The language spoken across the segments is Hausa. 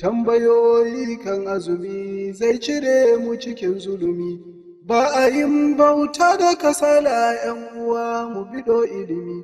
Tambayoyi kan azumi zai cire mu cikin zulumi, ba a yin bauta da kasala ‘yan uwa mu bido ilimi.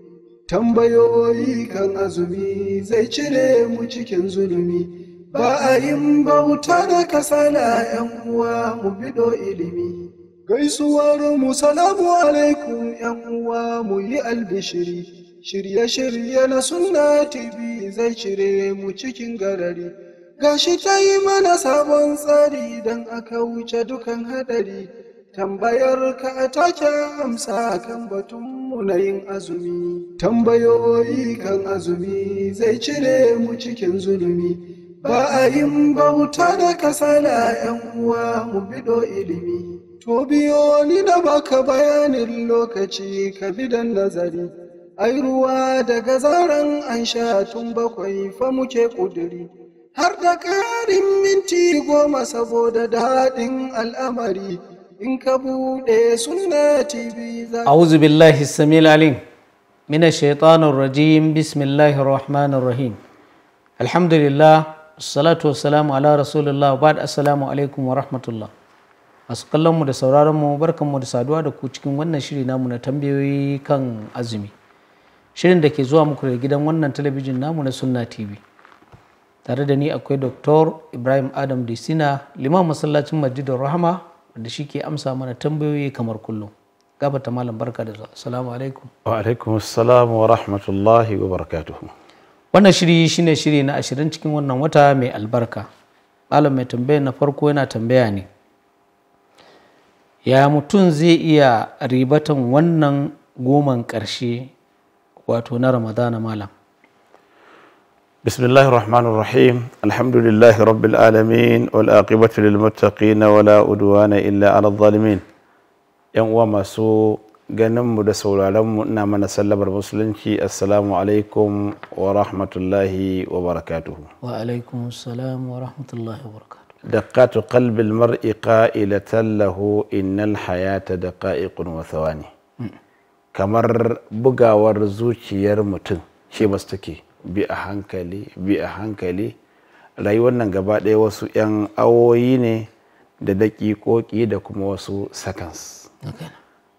Tambayoyi kan azumi zai cire mu cikin zulumi, ba a yin bauta da kasala ‘yan uwa mu bido ilimi. Gaisuwar mu salamu alaikum ‘yan uwa mu yi albishiri, shirye-shirye na sunna TV zai cire mu cikin garari. gashi ta yi mana sabon tsari don aka wuce dukan hadari tambayar ka take amsa kan batunmu na azumi tambayoyi kan azumi zai cire mu cikin zulumi ba a yin bauta da kasala yan uwa mu bido ilimi to biyo ni na baka bayanin lokaci ka bidan nazari ai ruwa daga zaran an sha tun bakwai fa muke ƙudiri har da ƙarin minti goma saboda daɗin al'amari in ka buɗe suna tv za wuzu billahi samil alim Mina shaitanun rajim bismillahi rahim alhamdulillah salatu wassalamu ala rasulillah ba'd assalamu alaikum wa rahmatullah masu kallon mu da sauraron mu barkan mu da saduwa da ku cikin wannan shiri namu na tambayoyi kan azumi shirin da ke zuwa muku da gidan wannan talabijin namu na sunna tv tare da ni akwai Dr. Ibrahim Adam Disina liman masallacin majidar Rahama wanda shi ke amsa mana tambayoyi kamar kullum. Gabata malam barka da salamu alaikum. Wa alaikum wa rahmatullahi wa barakatuhu. Wannan shiri shine shiri na ashirin cikin wannan wata mai albarka. Malam mai tambaya na farko yana tambaya ne. Ya mutum zai iya ribatan wannan goman ƙarshe wato na Ramadana malam. بسم الله الرحمن الرحيم الحمد لله رب العالمين والآقبة للمتقين ولا أدوان إلا على الظالمين يوم مسو ganin mu da sauraron mu ina mana sallamar musulunci assalamu alaikum wa rahmatullahi wa barakatuhu wa alaikum assalam wa rahmatullahi wa barakatuhu daqatu qalbi almar'i qa'ilatan lahu innal hayata daqa'iqun wa hmm. kamar bugawar zuciyar mutum ce bas take bi a hankali bi a hankali rayuwar nan gaba ɗaya wasu 'yan awoyi ne da daƙiƙoƙi da kuma wasu seconds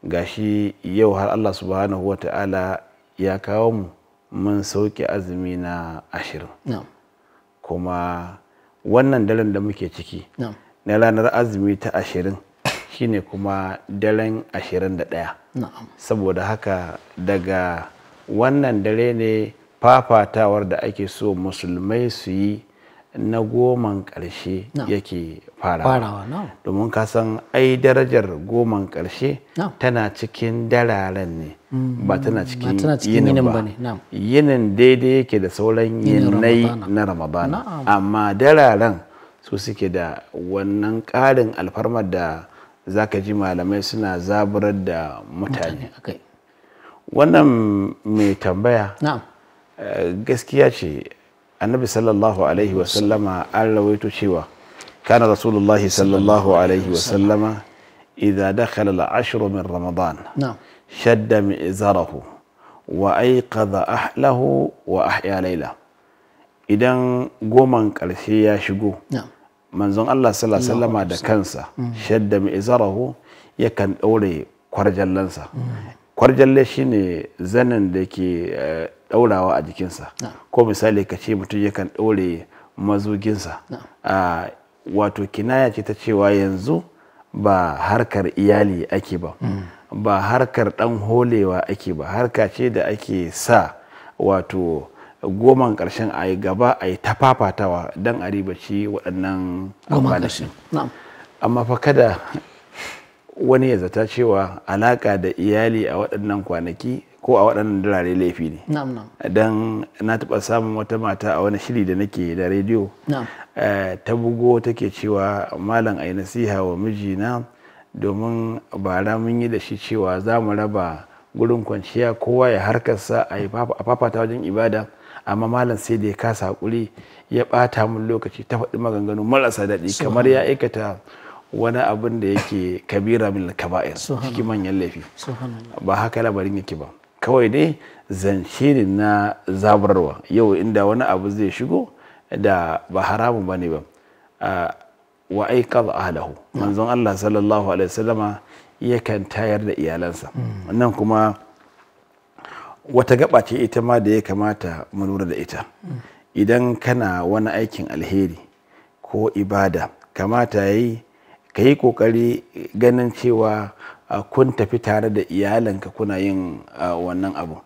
gashi yau har allah subhanahu wa ta'ala ya kawo mu mun sauke azumi na ashirin kuma wannan daren da muke ciki na ranar azumi ta ashirin shine kuma daren ashirin da ɗaya saboda haka daga wannan dare ne fafatawar da ake so musulmai su yi na goman ƙarshe yake farawa domin ka san ai darajar goman ƙarshe tana cikin dararen ne mm. ba tana cikin yinin ba yinin daidai yake da sauran yinai na ramadana amma dararen su suke da wannan ƙarin alfarmar da zaka ji malamai suna zaburar da mutane wannan mai tambaya gaskiya ce annabi sallallahu alaihi wasallama an rawaito cewa kana rasulullahi sallallahu alaihi wasallama idza dakhala al-ashru min ramadan shadda mizarahu wa aiqadha ahlahu wa ahya layla idan goman karshe ya shigo manzon Allah sallallahu alaihi wasallama da kansa mm. shadda mizarahu yakan daure kwarjallansa mm. kwarjalle shine zanin da ke eh, daurawa a jikinsa ko misali ka ce mutum yakan daure mazuginsa a wato kinaya ce ta cewa yanzu ba harkar iyali ake ba mm. ba harkar ɗan holewa ake ba harka ce da ake sa wato goman karshen a yi gaba a yi tafafatawa don a ribaci waɗannan amfanin amma fa kada wani ya zata cewa alaƙa da iyali a waɗannan kwanaki ko a waɗannan dalare laifi ne don na taɓa samun wata mata a wani shiri da nake da rediyo eh, ta bugo take cewa malam ai nasiha wa mijina domin bara mun yi da shi cewa za mu raba gurin kwanciya kowa ya harkarsa a fafata wajen ibada amma malam sai da ya kasa hakuri ya ɓata mun lokaci ta faɗi maganganu marasa daɗi kamar ya aikata wani abin da yake kabira min kaba'ir cikin manyan laifi ba haka labarin yake ba kawai dai zance na zaburarwa yau inda wani abu zai shigo da ba haramu ba ne ba wa aika ba ahlahu manzon Allah sallallahu alaihi wasallama yakan tayar da iyalansa nan kuma wata gaba ce ita ma da ya kamata mu lura da ita idan kana wani aikin alheri ko ibada kamata yayi ka yi kokari ganin cewa kun tafi tare da iyalinka kuna yin wannan abu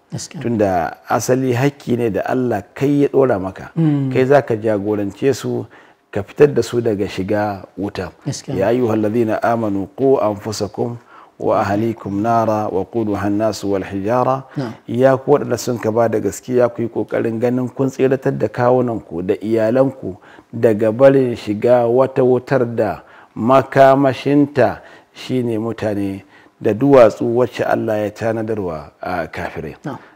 tunda asali haƙƙi ne da Allah kai ya ɗora maka hmm. kai za ka jagorance su ka fitar da su daga shiga wuta ya yi na amanu ko an kun wa ahalikum nara wa kudu hannasu wal hijara ya ku waɗanda sun ka ba da gaskiya ku yi ƙoƙarin ganin kun tsiratar da kawunanku da iyalanku daga barin shiga wata wutar da makamashinta shine mutane da duwatsu wacce Allah ya tanadarwa a kafirai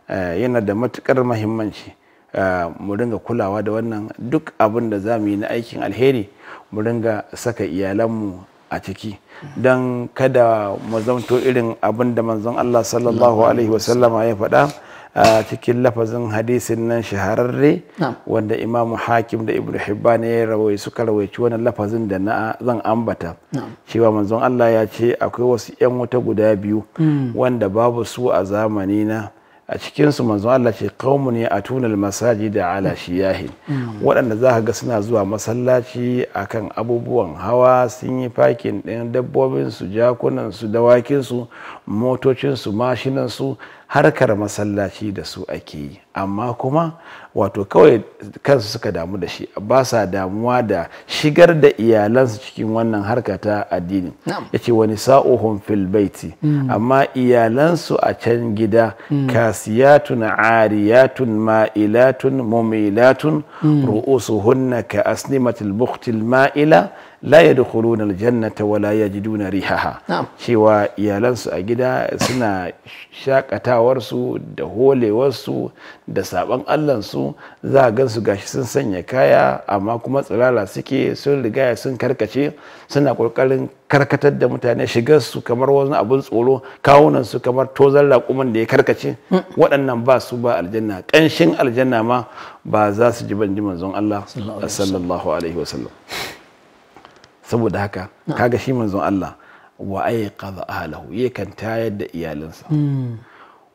eh, yana da matukar mahimmanci eh, mu ringa kulawa da wannan duk abin da za mu yi na aikin alheri mu ringa saka iyalanmu a ciki don kada mu zamto irin abin da manzon Allah sallallahu alaihi wasallama ya faɗa a cikin lafazin hadisin nan shahararre wanda imamu hakim da ibnu hibban ya rawai suka rawaici wannan lafazin da na zan ambata cewa manzon Allah ya ce akwai wasu yan wuta guda biyu hmm. wanda babu su a zamani na a cikinsu manzon Allah ce qaumun ya atuna da ala shiyahin hmm. waɗanda za ka ga suna zuwa masallaci akan abubuwan hawa sun yi fakin ɗin dabbobin su jakunan su dawakin su motocin su mashinan su harkar masallaci da su ake yi amma kuma wato kawai kansu suka damu da shi ba sa damuwa da shigar da iyalansu cikin wannan harka ta addini ya ce wani sa'ohun fil baiti hmm. amma iyalansu a can gida hmm. kasiyatun ariyatun ma'ilatun mumilatun hmm. ru'usuhunna ka asnimatil buktil ma'ila la janna aljannata wala ya ji duna rihaha cewa iyalansu a gida suna shakatawar da holewarsu da saban allansu su za ga su gashi sun sanya kaya amma kuma tsirara suke sun rigaya sun karkace suna kokarin karkatar da mutane shigar su kamar wani abin tsoro kawunan su kamar tozan raƙuman da ya karkace hmm. waɗannan ba su ba aljanna ƙanshin aljanna ma ba za su ji ban ji manzon Allah sallallahu alaihi wasallam saboda haka kaga shi manzon Allah wa aiqadha ahlahu yakan tayar da iyalinsa. Hmm.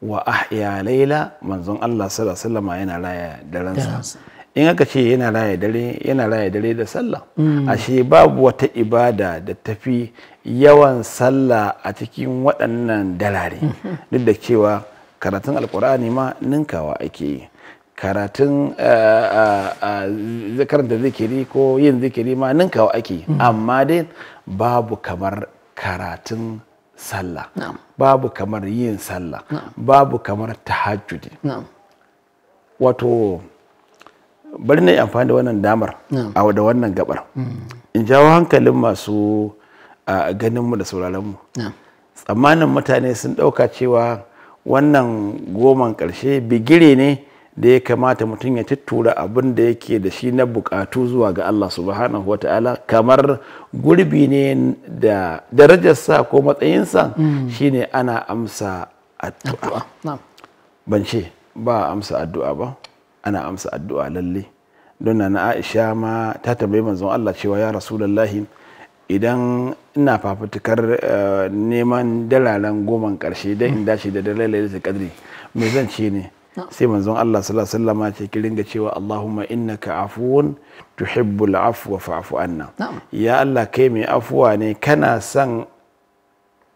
wa ahya laila manzon Allah sallallahu alaihi wasallam yana raya daransa in aka ce yana raya dare yana raya dare da sallah hmm. ashe babu wata ibada da tafi yawan sallah a cikin waɗannan dalare hmm. duk da cewa karatun alkur'ani ma ninkawa ake yi karatun eh, eh, eh, karanta zikiri ko yin zikiri ma ninkawa ake mm. amma dai babu kamar karatun sallah babu kamar yin sallah babu kamar tahajjudi wato bari na amfani da wannan damar a da wannan gabar mm. in jawo hankalin masu ganinmu da sauraronmu tsammanin mutane sun ɗauka cewa wannan goman ƙarshe bigire ne da ya kamata mutum ya tattura abin da yake da shi na bukatu zuwa ga Allah subhanahu wa ta'ala kamar gurbi ne da darajarsa ko matsayinsa mm. shine ana amsa addu'a ban ce ba amsa addu'a ba ana amsa addu'a lalle don na Aisha ma ta tambayi manzon Allah cewa ya rasulullahi idan ina fafutukar eh, neman dalalan goma karshe dan in dace da dalalai da kadri me zan ce ne sai manzon Allah sallallahu alaihi wasallam ce ki ringa cewa Allahumma innaka afuwun tuhibbul afwa fa'fu anna ya Allah kai mai afuwa ne kana son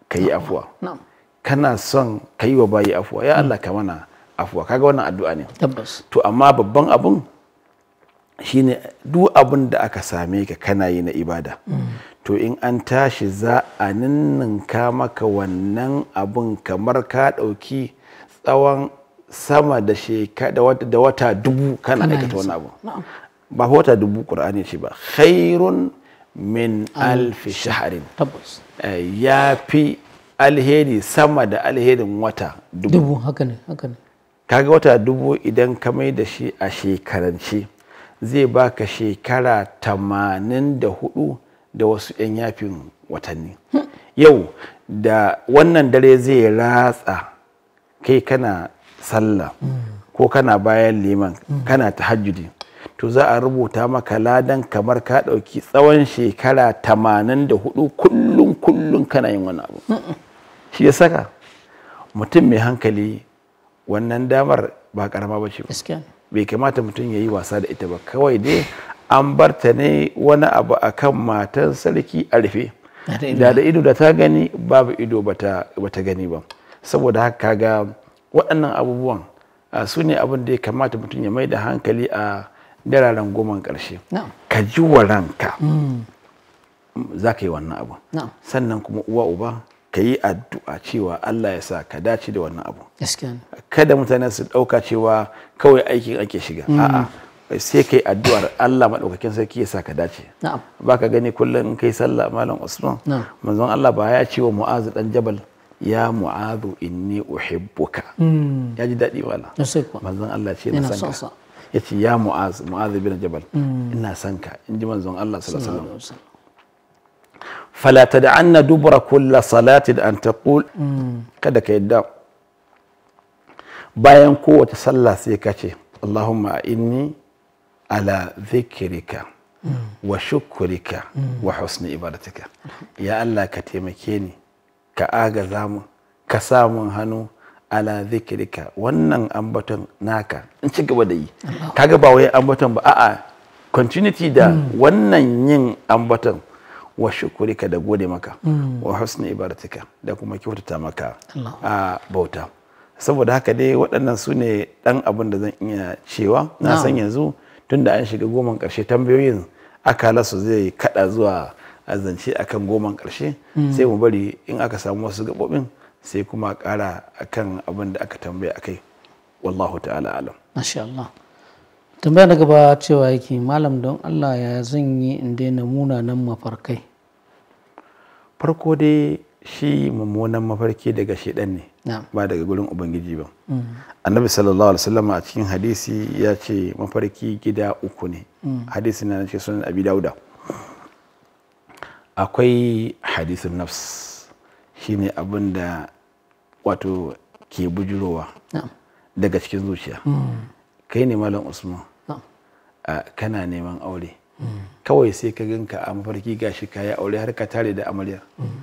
kai afuwa kana son kai wa bayi afuwa ya Allah ka mana afuwa kaga wannan addu'a ne tabbas to amma babban abun shine duk abin da aka same ka kana yi na ibada mm. to in an tashi za a ninninka maka wannan abun kamar ka ɗauki tsawon sama da wata da wata dubu kana aikata wani abu ba wata dubu qur'ani ce ba khairun min alfi shaharin eh, ya fi alheri sama da alherin wata dubu kaga wata dubu idan ka mai da shi a shekarance zai baka shekara tamanin da hudu da wasu 'yan yafin watanni hmm. yau da wannan dare zai ratsa kai kana sallah ko kana bayan liman kana tahajjudi to za a rubuta maka ladan kamar ka ɗauki tsawon shekara tamanin da hudu kullum kullum kana yin wani abu shi ya saka mutum mai hankali wannan damar ba karama ba ce bai kamata mutum ya yi wasa da ita ba kawai dai an bar ta ne wani abu a kan matan sarki a rufe da da ido da ta gani babu ido ba ta gani ba saboda haka ga. waɗannan abubuwan su ne abin da ya kamata mutum ya mai da hankali a dararen goma ƙarshe ka ji wa ranka mm. za ka yi wannan abu sannan kuma uwa uba ka yi addu'a cewa Allah ya sa ka dace da wannan abu kada mutane su ɗauka cewa kawai aikin ake shiga mm. a'a sai yi addu'ar Allah maɗaukakin sarki ya sa ka dace ba ka gani kullum in kai sallah malam usman manzon Allah ba ya ce wa mu'azu dan jabal ya mu'adu inni uhibbuka hmm. ya ji daɗi wala manzon Allah ce na sanka ya ce ya mu'az mu'az bin jabal hmm. ina sanka in ji manzon Allah sallallahu alaihi wasallam fala tad'anna dubra kull salatin an taqul hmm. kada ka yadda bayan kowace sallah sai ka ce Allahumma inni ala dhikrika wa shukrika wa husni ibadatika ya Allah ka taimake ni ka agaza mu ka sa mun hannu ala zikirka wannan ambaton naka in ci gaba da yi kaga ba wai ambaton ba a'a continuity da hmm. wannan yin ambaton wa shukurika da gode maka hmm. wa husni ibaratika da kuma kyautata maka a bauta saboda haka dai waɗannan su ne ɗan abin da zan iya cewa na san yanzu tunda an shiga goma ƙarshe tambayoyin akala su zai kaɗa zuwa a kan goman karshe sai mu bari in aka samu wasu gabobin sai kuma kara kan abin da aka tambaya kai. wallahu ta'ala alam tambaya na gaba cewa yake malam don Allah ya zan yi in daina munanan mafarkai farko dai shi mummunan mafarki daga shaidan ne ba daga gurin ubangiji ba mm. annabi sallallahu alaihi wasallam a cikin hadisi ya ce mafarki gida uku ne mm. hadisi na ce sunan abi dauda akwai hadisun nafs shine abin da wato ke bujurowa daga cikin zuciya hmm. kai ne malam usman kana neman aure kawai sai ka ganka a mafarki gashi ka yi aure har ka tare da amaryar hmm.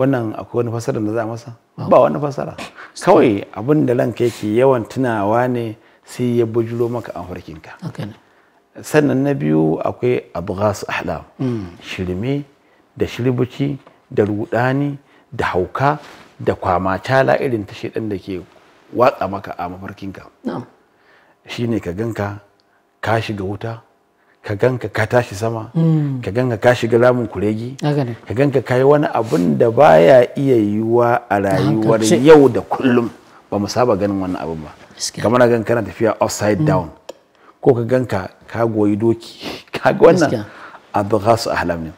wannan akwai wani fasara da za a masa ba wani fasara kawai abin da ranka yake yawan tunawa ne sai ya bujuro maka a mafarkinka sannan na biyu akwai abu ahlam hmm. shirme da shirbici da rudani da hauka da kwama cala irin ta shaidan da ke watsa maka a mafarkinka ne ka ganka ka shiga wuta ka ganka ka tashi sama mm. ka ganka ka shiga ramin kuregi ka ganka ka yi wani abun da baya iya yiwuwa a rayuwar yau da kullum ba mu saba ganin wannan abun ba kamar gan na tafiya upside mm. down ko ka ganka ka goyi doki ka wannan abghasu a ne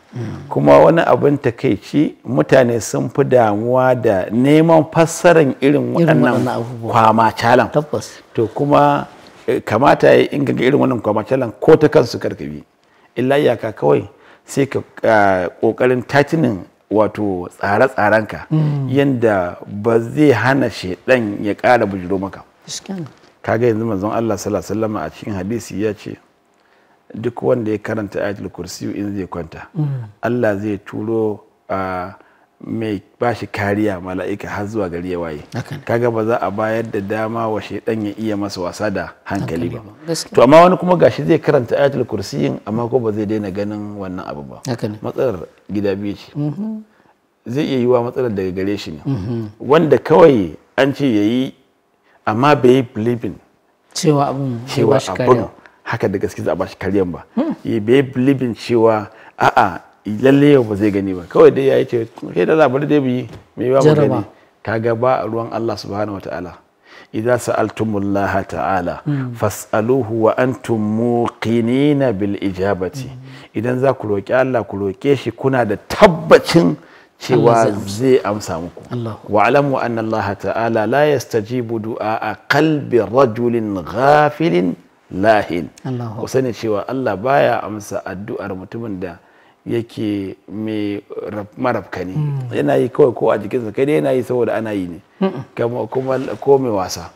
kuma wani abin ci mutane sun fi damuwa da neman fassarar irin waɗannan kwama calan to kuma kamata ya yi ga irin wannan kwama calan ko ta kansu karkabi illa iyaka kawai sai ka kokarin tatinin wato tsare tsaren ka yadda ba zai hana shaidan ya ƙara bujiro maka kaga yanzu manzon Allah sallallahu alaihi wasallam a cikin hadisi ya ce duk wanda ya karanta ayatul kursi in zai kwanta Allah zai turo mai bashi kariya mala'ika har zuwa gari ya waye kaga ba za a bayar da dama wa shaidan ya iya masa wasa da hankali ba to amma wani kuma gashi zai karanta ayatul kursi amma ko ba zai daina ganin wannan abu ba matsalar gida biyu ce mm-hmm. zai iya yiwa matsalar daga gare shi ne mm-hmm. wanda kawai an ce yayi amma bai yi believing cewa abun haka da gaske za a bashi karyan ba bai bilibin cewa a'a lalle yau ba zai gani ba kawai dai ya yayi ce kai da labar dai bi me ba mu gani kaga ba a ruwan Allah subhanahu wataala idza sa'altumullaha ta'ala fas'aluhu wa antum muqinina bil ijabati idan za ku roki Allah ku roke shi kuna da tabbacin cewa zai amsa muku wa alamu anna Allah ta'ala la yastajibu du'a qalbi rajulin ghafilin lahin ku sani cewa Allah baya amsa addu'ar mutumin da yake mai marafka ne hmm. yana yi kawai ko a jikinsa kai yana yi saboda ana yi ne kuma ko mai wasa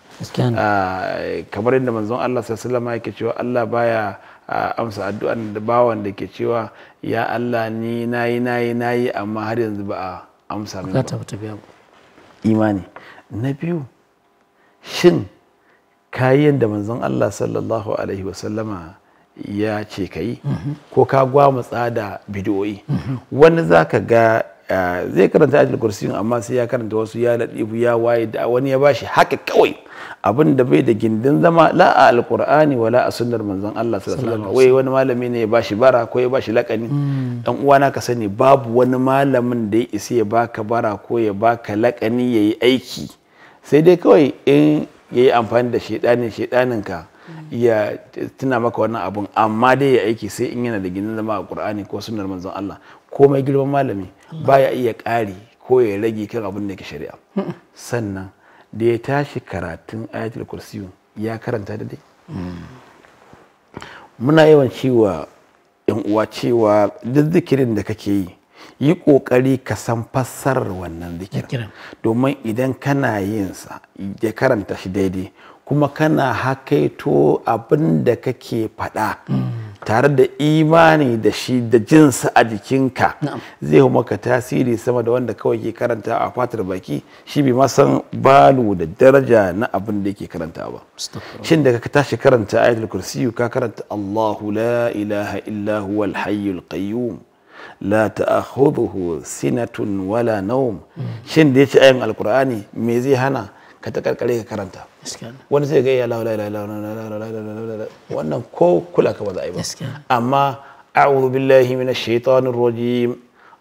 ah, kamar yadda manzon Allah sallama yake cewa Allah baya ah, amsa addu'an da bawan da ke cewa ya Allah ni nayi nayi nayi amma har yanzu ba a amsa ba imani na biyu shin kayan da manzon Allah sallallahu alaihi wasallama ya ce ka yi ko ka gwamutsa da bidiyoyi wani za ka ga zai karanta ajil kursiyin amma sai ya karanta wasu ya laɗibu ya waye da wani ya bashi haka kawai abin da bai da gindin zama la a alkur'ani wala a sunnar manzon Allah sallallahu alaihi wai wani malami ne ya bashi bara ko ya bashi lakani dan uwana ka sani babu wani malamin da ya isa ya baka bara ko ya baka lakani yayi aiki sai dai kawai in ya yi amfani da shaidanin ka ya tuna maka wannan abun amma dai ya aiki sai in yana da ginin zama a qur'ani ko sunnar manzon Allah komai girman malami ba ya iya ƙari ko ya rage kan abin da yake shari'a sannan da ya tashi karatun ayatul kursiyu ya karanta da dai muna yawan cewa yan uwa cewa duk zikirin da kake yi yi ƙoƙari ka san fassarar wannan zikirin domin idan kana yin sa ya karanta shi daidai kuma kana hakaito abin da kake faɗa mm. tare da imani da shi da jinsa a jikinka zai maka tasiri sama da wanda kawai ke karanta a fatar baki shi bi masan san balu da daraja na abin da yake karanta ba shin da ka tashi karanta ayatul kursiyu ka karanta Allahu la ilaha illa huwal hayyul la ta'khudhuhu sinatun wala nawm shin da yace ayan alqur'ani me zai hana ka ta karkare ka karanta wani sai wannan ko kula ka ba za a yi ba amma a'udhu billahi minash shaitanir rajim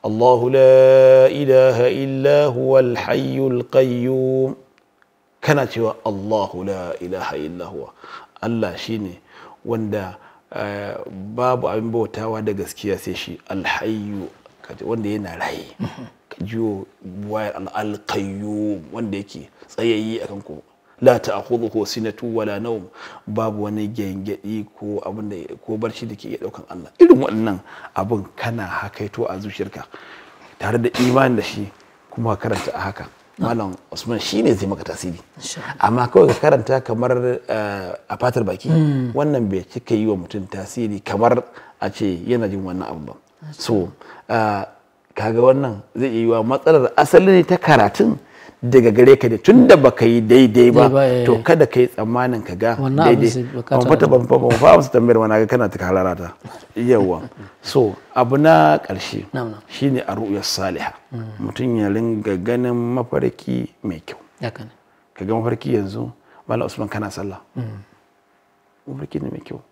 الله لا إله إلا هو الحي القيوم كانت الله لا إله إلا هو الله شيني babu abin bautawa da gaskiya sai shi alhayu wanda yana raye ka wayar alƙayyu wanda yake tsayayi akan kanku la ta'khudhuhu sinatu wala nau babu wani gyangyaɗi ko abin da ko barci da ke iya ɗaukan Allah irin waɗannan abin kana hakaito a zuciyarka tare da imani da shi kuma karanta a haka malam usman shine zai maka tasiri amma kawai ka karanta kamar eh, a fatar baki hmm. wannan bai cika yi wa mutum tasiri kamar a ce yana jin wannan abu ba so eh, kaga wannan zai yi wa matsalar asali ne ta karatun daga gare ka tun da baka yi daidai ba eh. to kada ka yi tsammanin ka ga daidai ban fata ban fa ban fa musu tambayar wani ga kana ta halarata yawa so abu na karshe shine a ru'yar saliha mm. mutum ya ringa ganin mafarki mai kyau ka ga mafarki yanzu malam usman kana sallah mm. mafarki ne mai kyau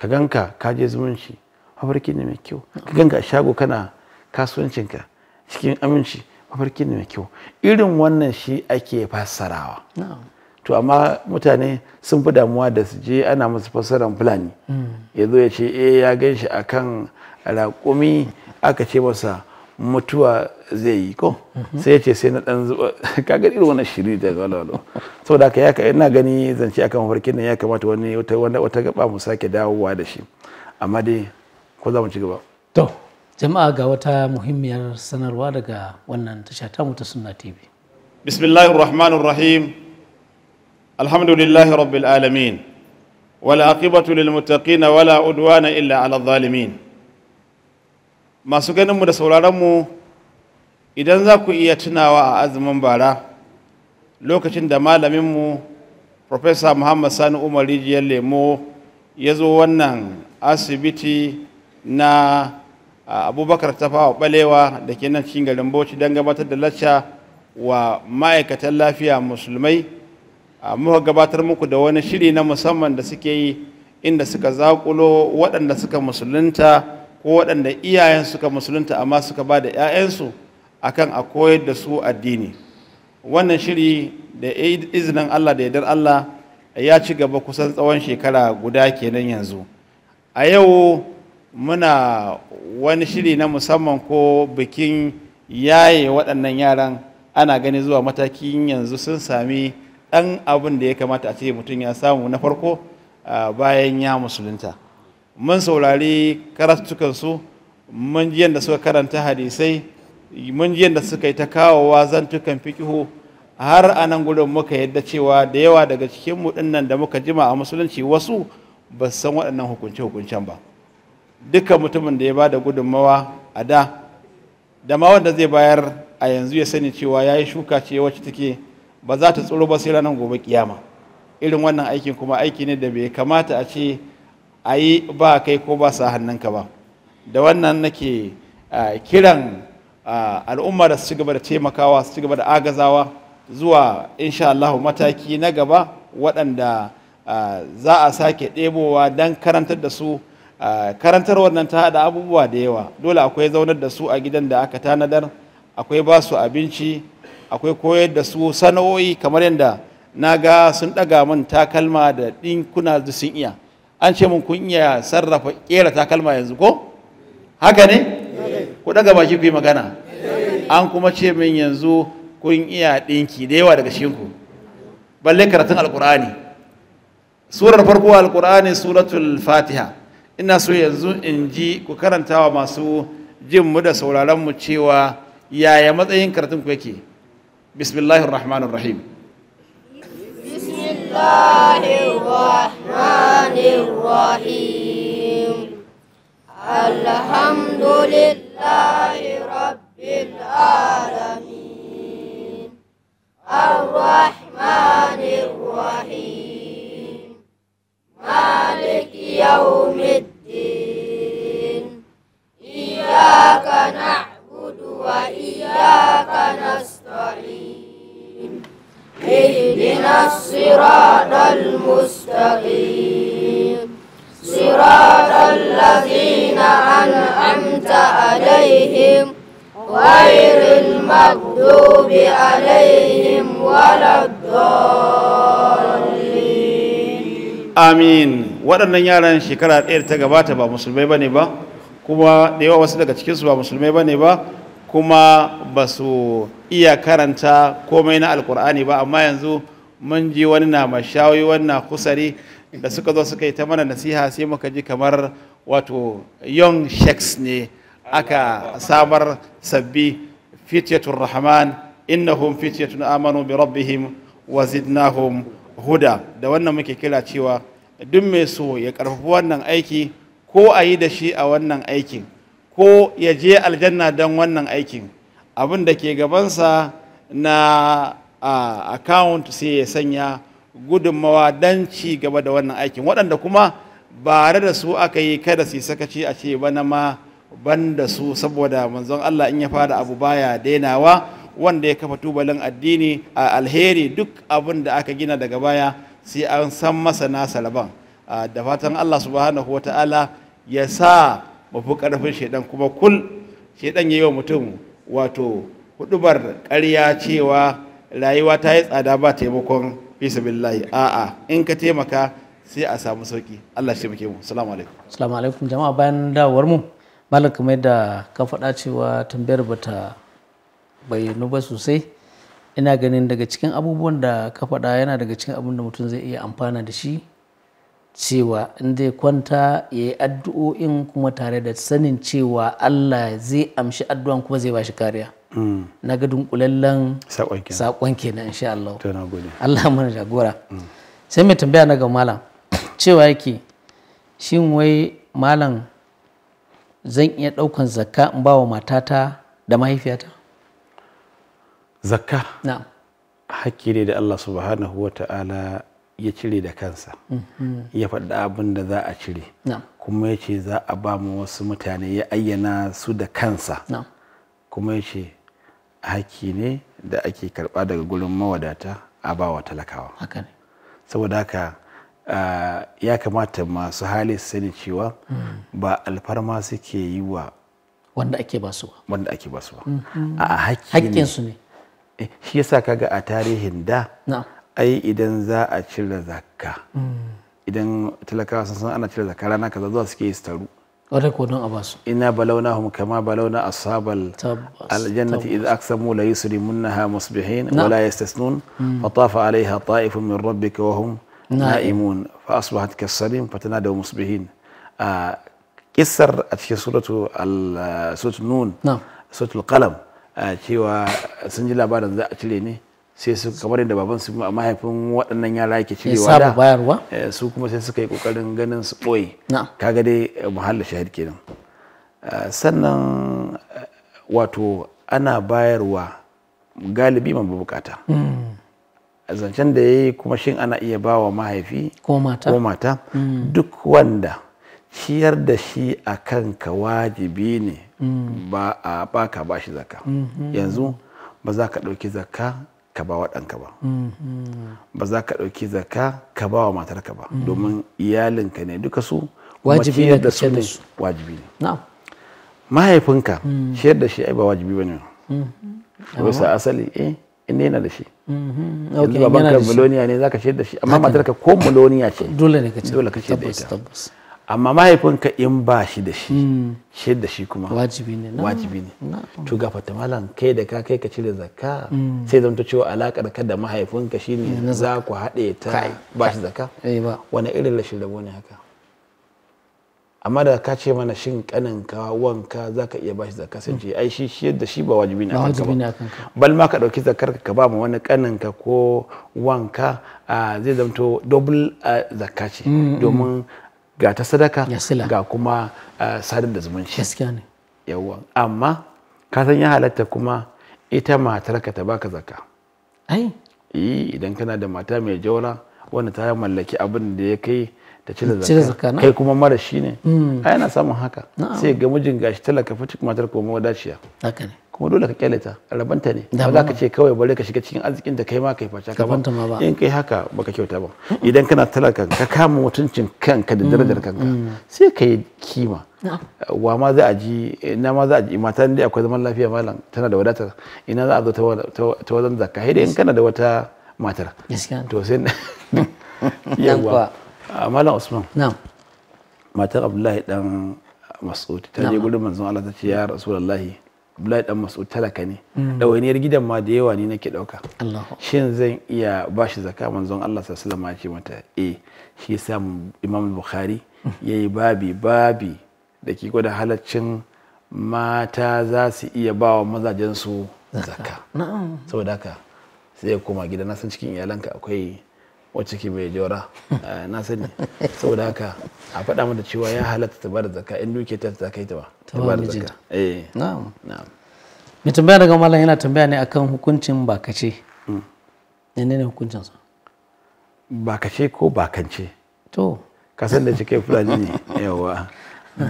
ka ganka ka je zumunci mafarki ne mai kyau ka ganka a shago kana kasuwancinka cikin aminci mafarki ne mai kyau irin wannan shi ake fassarawa to amma mutane sun fi damuwa da su je ana masu fassaran fulani hmm. ya zo ya ce eh ya gan shi a kan raƙumi aka ce masa mutuwa zai yi ko mhm. sai ya ce sai na ɗan zuba kaga irin wannan shiri da walwalo saboda haka ya ina gani zance akan mafarkin nan ya kamata wani wata wata gaba mu sake dawowa da shi amma dai ko za mu ci gaba to jama'a ga wata muhimmiyar sanarwa daga wannan tasha ta mu ta sunna tv bismillahir rahmanir rahim alhamdulillahi rabbil alamin wal aqibatu lil muttaqin wala udwana illa ala masu ganin mu da sauraronmu idan za ku iya tunawa a azumin bara lokacin da malaminmu mu professor muhammad sani umar rijiyar lemo ya zo wannan asibiti na Ah, abubakar tafawa balewa da ke nan cikin garin bauchi don gabatar da lacca wa ma'aikatan lafiya musulmai ah, muka gabatar muku da wani shiri na musamman da suke yi inda suka zaƙulo waɗanda suka musulunta ko waɗanda iyayen suka musulunta amma suka ba da 'ya'yansu akan a koyar da su addini wannan shiri da izinin allah da yadar allah ya ci gaba kusan tsawon shekara guda kenan yanzu a yau muna wani shiri na musamman ko bikin yaye waɗannan yaran ana gani zuwa matakin yanzu sun sami ɗan abin da ya kamata a ce mutum ya samu na farko bayan ya musulunta mun saurari karatukansu mun ji yadda suka karanta hadisai mun ji yadda suka yi ta kawowa zantukan fikihu har a nan gudun muka yadda cewa da yawa daga cikinmu ɗinnan da muka jima a musulunci wasu ba san waɗannan hukunce-hukuncen ba dukkan mutumin da ya ba da gudunmawa a da da ma wanda zai bayar a yanzu ya sani cewa ya yi shuka ce wacce take ba za ta tsoro ba sai ranar gobe kiyama irin wannan aikin kuma aiki ne da bai kamata a ce a yi ba kai ko ba sa hannunka ba da wannan nake kiran al'umma da su ci gaba da taimakawa su ci gaba da agazawa zuwa insha Allah mataki na gaba waɗanda za a sake ɗebowa don karantar da su karantar wannan ta haɗa abubuwa da yawa dole akwai zaunar da su a gidan da aka tanadar akwai ba su abinci akwai koyar da su sana'o'i kamar yadda na ga sun ɗaga min takalma da ɗinkuna da sun iya an ce mun kun iya sarrafa ƙera takalma yanzu ko haka ne ku ɗaga baki ku yi magana an kuma ce min yanzu kun iya ɗinki da yawa daga cikinku balle karatun alƙur'ani surar farko alƙur'ani suratul fatiha ina so yanzu in ji ku karanta wa masu jin mu da sauraron mu cewa yaya matsayin karatun ku yake bismillahir rahmanir rahim bismillahir rahmanir rahim المستقيم صراط الذين أنعمت عليهم غير المغضوب عليهم ولا الضالين آمين waɗannan yaran shekara ɗaya ta gabata ba musulmai ba ne ba kuma da yawa wasu daga cikinsu ba musulmai ba ne ba kuma ba su iya karanta komai na alkur'ani ba amma yanzu mun ji wani na mashawi wani na kusari da suka zo suka yi ta mana nasiha sai muka ji kamar wato young sheks ne aka samar sabbi fityatul rahman innahum fityatun amanu bi rabbihim wa zidnahum huda da wannan muke kira cewa duk mai so ya karfafi wannan aiki ko a yi da shi a wannan aikin ko ya je aljanna don wannan aikin abin da ke gabansa na a account sai ya sanya gudunmawa don ci gaba da wannan aikin waɗanda kuma ba da su aka yi kada su sakaci a ce bana ma ban da su saboda manzon Allah in ya fara abu baya dainawa wanda ya kafa tubalin addini a alheri duk abin da aka gina daga baya sai an san masa nasa laban da fatan Allah subhanahu wata'ala ya sa mafi karfin shaidan kuma kul shaidan ya yi wa mutum wato hudubar karya cewa rayuwa ta yi tsada ba taimakon billahi a'a in ka taimaka sai a samu sauki Allah shi muke mu Salamu alaikum Salamu alaikum jama'a bayan dawowar mu malam kamar da ka faɗa cewa tambayar bata bayyanu ba sosai ina ganin daga cikin abubuwan da ka faɗa yana daga cikin abin da mutum zai iya amfana da shi cewa in zai kwanta ya yi addu'o'in kuma tare da sanin cewa Allah zai amshi addu'an kuma zai ba shi kariya na ga dunkulallen sakon kenan insha Allah Allah mana jagora mm. sai mai tambaya na ga malam cewa yake shin wai malam zan iya ɗaukan zakka in ba wa matata da mahaifiyata zakka na'am hakki ne da Allah subhanahu wa ta'ala ya cire da kansa mm-hmm. ya faɗi abin da za a cire kuma ya ce za a ba mu wasu mutane ya ayyana su da kansa kuma ya ce haki ne da ake karba daga gurin mawadata a ba wa talakawa saboda haka ya kamata masu hali su sani cewa hmm. ba alfarma suke yi wa wanda ake basu ba wanda ake ba a hmm. haƙƙin su ne eh, shi yasa kaga a tarihin da ai idan za a cire zakka hmm. idan talakawa sun san ana cire zakka rana kaza zuwa suke yi su taru ورك ونن إنا بلوناهم كما بلونا أصحاب الجنة إذا إذ أقسموا ليسلمنها مصبحين نعم. ولا يستسنون فطاف عليها طائف من ربك وهم نعم. نائمون فأصبحت كالسليم فتنادوا مصبحين آه كسر في سورة النون نعم سورة القلم آه كيوا بعد ذا أتليني sai su kamar yadda baban su mahaifin waɗannan yara yake cirewa da bayarwa eh, su kuma sai suka yi kokarin ganin su ɓoye kaga dai muhalla shahid kenan eh, sannan eh, wato ana bayarwa galibi man bukata hmm. zancen da ya yi kuma shin ana iya ba wa mahaifi ko mata hmm. duk wanda ciyar da shi a kanka wajibi ne hmm. ba a baka ba shi zaka yanzu ba za ka ɗauki zakka ka ba wa ɗanka ba mm, mm. ba za ka ɗauki zakka ka ba wa matarka ba mm. domin iyalinka ne duka su wajibi ne da su ne wajibi ne mahaifinka Shiyar da shi ai ba wajibi ba ne bisa asali eh inda yana da shi mm-hmm. yanzu babanka miloniya ne za ka ciyar da shi amma matarka ko miloniya ce dole ne ka ce, da ita amma mahaifinka in ba shi da shi hmm. shi da shi kuma wajibi ne wajibi ne to ga fata kai da ka kai ka cire zakka hmm. sai zanto cewa alakar ka da mahaifinka shine za ku haɗe ta ba shi zakka eh, wani irin rashin rabo ne haka amma da ka ce mana shin kanin kaninka wanka zaka ka iya bashi zakka sai ce hmm. ai shi shi yadda shi ba wajibi ne akan ka bal ma ka dauki zakkar ka ba mu wani kaninka ko wanka zai zamto double zakka ce domin ga ta sadaka ga kuma sadar da zumunci gaskiya ne yawa amma ka san ya halatta kuma ita matarka ta baka zaka ai idan kana da mata mai jaura wanda ta mallaki abin da ya kai ta cire zaka kai kuma mara shi ne mm. ai yana samun haka sai ga mijin gashi talaka fitik matar kuma wadaciya haka ne kuma dole ka kyale ta rabanta ne ba za ka ce kawai bari ka shiga cikin arzikin da kai ma kai faca ka ba in kai haka baka kyauta ba idan kana talaka ka kama mutuncin kanka da darajar mm. kanka mm. sai ka yi kima wa ma za a ji ina ma za a ji mata ne akwai zaman lafiya malam tana da wadatar ina za a zo ta wajen zakka sai in kana da wata matar to sai yawa ah, malam usman matar abdullahi dan mas'ud ta je gurin manzon Allah ta ce ya rasulullahi Abdullahi dan masu talaka ne mm. ɗawainiyar gidan ma da yawa ne nake ɗauka shin zan iya bashi zaka manzon Allah sallallahu alaihi mata eh shi yasa Imam Bukhari mm. yayi babi babi da ke gwada halaccin mata za su iya ba wa mazajen su zaka saboda haka sai ya koma gida na san cikin iyalanka akwai wacce ke bai jora eh, na sani saboda haka a faɗa mata cewa ya halatta ta bada zakka in duke ta ta kai ta ba ta bada zakka eh na'am na'am mai tambaya daga mallam yana tambaya ne akan hukuncin bakace mm. ne ne hukuncin sa bakace ko bakance to ka san da cike fulani ne yawa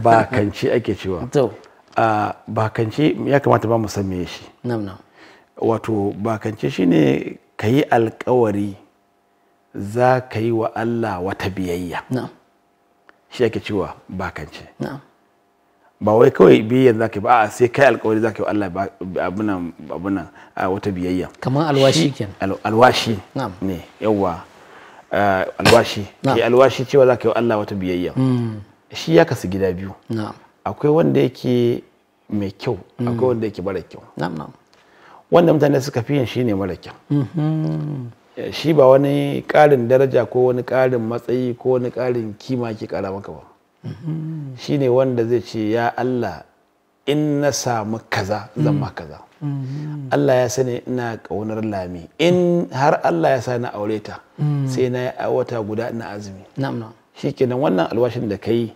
bakance ake cewa to a bakance ya kamata ba mu san me shi na'am na'am wato bakance shine kayi alƙawari. za ka yi wa Allah wata biyayya shi ake cewa bakance ba wai kawai biyayya za ka yi ba a sai kai alkawari za ka yi wa Allah abunan abunan wata biyayya kamar alwashi kenan alwashi ne yawa alwashi ke alwashi cewa za ka yi wa Allah wata biyayya hmm. shi ya kasu gida biyu akwai wanda yake mai kyau hmm. akwai wanda yake mara kyau wanda mutane suka fi yin shi ne mara kyau mm-hmm. shi ba wani ƙarin daraja ko wani ƙarin matsayi ko wani ƙarin kima ke ƙara maka ba shi ne wanda zai ce ya Allah in na samu kaza zan ma kaza Allah ya sani ina kaunar lami in har Allah ya sa na aure ta sai na yi wata guda ina azumi shi kenan wannan alwashin da ka yi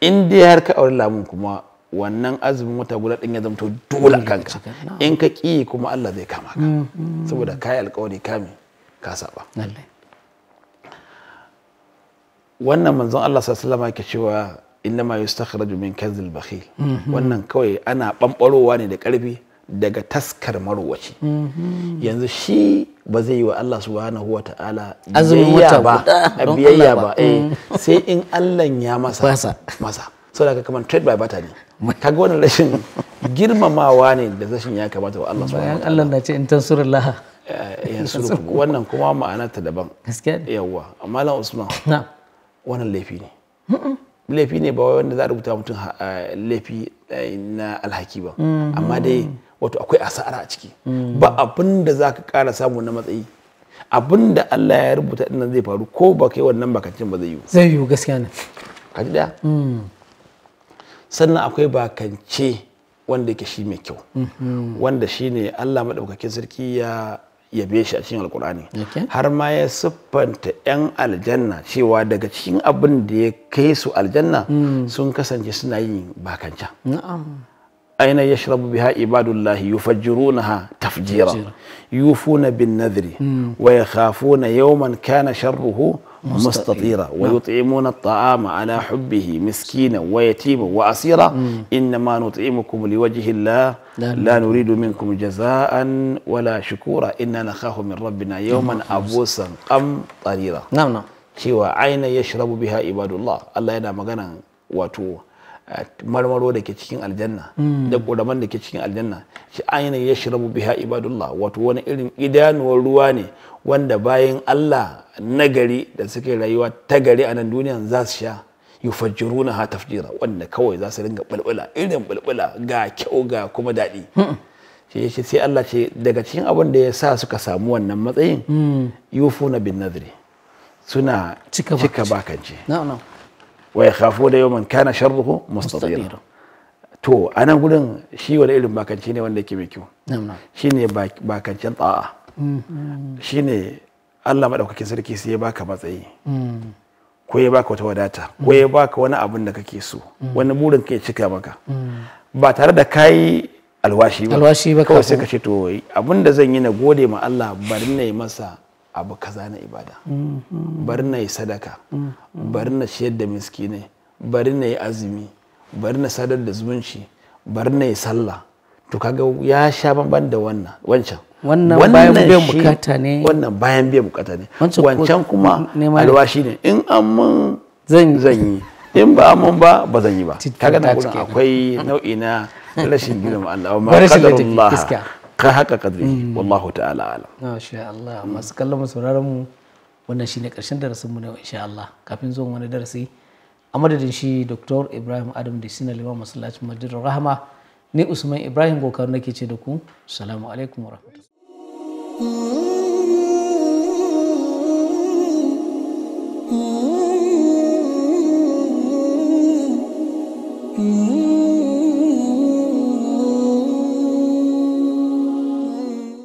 in dai har ka aure lamun kuma wannan azumin wata guda ɗin ya zamto dole kanka in ka ƙi kuma Allah zai kama ka mm, mm. saboda ka yi alƙawari kame ka saba wannan manzon Allah sallallahu alaihi cewa inna ma yustakhraju min kanzil bakhil mhm. wannan kawai ana bambarowa ne da karfi daga taskar marwaci mhm. yanzu shi ba zai yi wa Allah subhanahu wa ta'ala biyayya ba biyayya ba eh, sai in Allah ya masa masa saboda kamar trade by barter ne kaga wannan rashin girmamawa ne da rashin ya kamata wa Allah subhanahu wa ta'ala Allah na ce in tansurullah eh, eh, yansurku wannan kuma ma'ana ta daban gaskiya yawa amma lan Usman wannan laifi ne laifi ne ba wanda za a rubuta mutum eh, laifi na alhaki ba mm-hmm. amma dai wato akwai asara a ciki mm-hmm. ba abin da za ka kara samu na matsayi abin da Allah ya rubuta ɗin zai faru ko ba kai wannan bakancin ba zai yiwu. zai yiwu gaskiya ne ka ji mm. sannan akwai bakance wanda yake shi mai kyau mm-hmm. wanda shi ne allah maɗaukakin sarki ya yabe shi a cikin alkur'ani har ma ya siffanta 'yan aljanna cewa daga cikin abin da ya kai su aljanna mm. sun kasance suna yin bakanca aina ya shirabu biha ibadullahi ha tafjira na bin nadri mm. wa na yawman kana sharruhu مستطيرا نعم. ويطعمون الطعام على حبه مسكينا ويتيما وأسيرا إنما نطعمكم لوجه الله لا, نريد منكم جزاء ولا شكورا إنا نخاف من ربنا يوما نعم. أبوسا طريرا نعم نعم cewa عين يشرب بها عباد الله الله yana magana wato marmaro da ke cikin aljanna hmm. da ƙuraman da ke cikin aljanna shi aina ya rabu biha ibadullah wato wani irin idanuwar ruwa ne wanda bayan Allah nagari da suke rayuwa ta gari a nan duniya za su sha na ha tafjira wanda kawai za su ringa bulbula irin bulbula ga kyau ga kuma daɗi hmm. shi shi sai Allah ce daga cikin abin da ya sa suka samu wannan matsayin hmm. yufuna bin nadri suna cika bakance na'am Wai wa yakhafuna yawman kana sharruhu mustatira to a nan gurin shi wani irin bakanci ne wanda yake mai kyau shine bakancin ta'a shine Allah madaukakin sarki sai ya baka matsayi ko ya baka wata wadata ko ya baka wani abin da kake so wani burin kai cika maka ba tare da kayi alwashi ba alwashi ba kawai sai ka ce to abin da zan yi na gode ma Allah bari na yi masa abu kaza na ibada mm-hmm. bari na yi sadaka mm-hmm. bari na shayar da miskinai bari na yi azumi bari na sadar da zumunci bari na yi sallah to kaga ya sha banban da wannan wancan wannan bayan biyan bukata ne wannan bayan biyan bukata ne wancan kuma alwashi ne in an mun zan yi in ba mun ba ba zan yi ba kaga nan akwai nau'i na rashin gina Allah wa ma qadarullah ka haka kadri mm. wallahu ta'ala alam masha Allah masu kallon mu sauraron mu wannan shine karshen darasin mu ne insha Allah kafin zuwan wani darasi a madadin shi Dr. Ibrahim Adam da Sina Liman Masallacin Masjid Rahama ni Usman Ibrahim Gokar nake ce da ku assalamu alaikum wa rahmatullahi Mm-hmm.